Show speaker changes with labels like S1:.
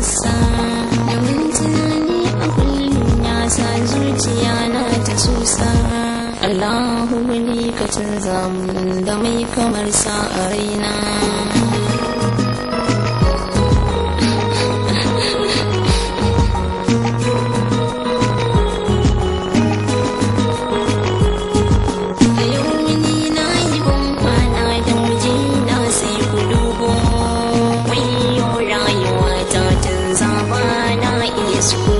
S1: wasa nauyin tunani a kullum ya sa zuciya na ta susa Allahu ne da mai kamar sa a raina this world.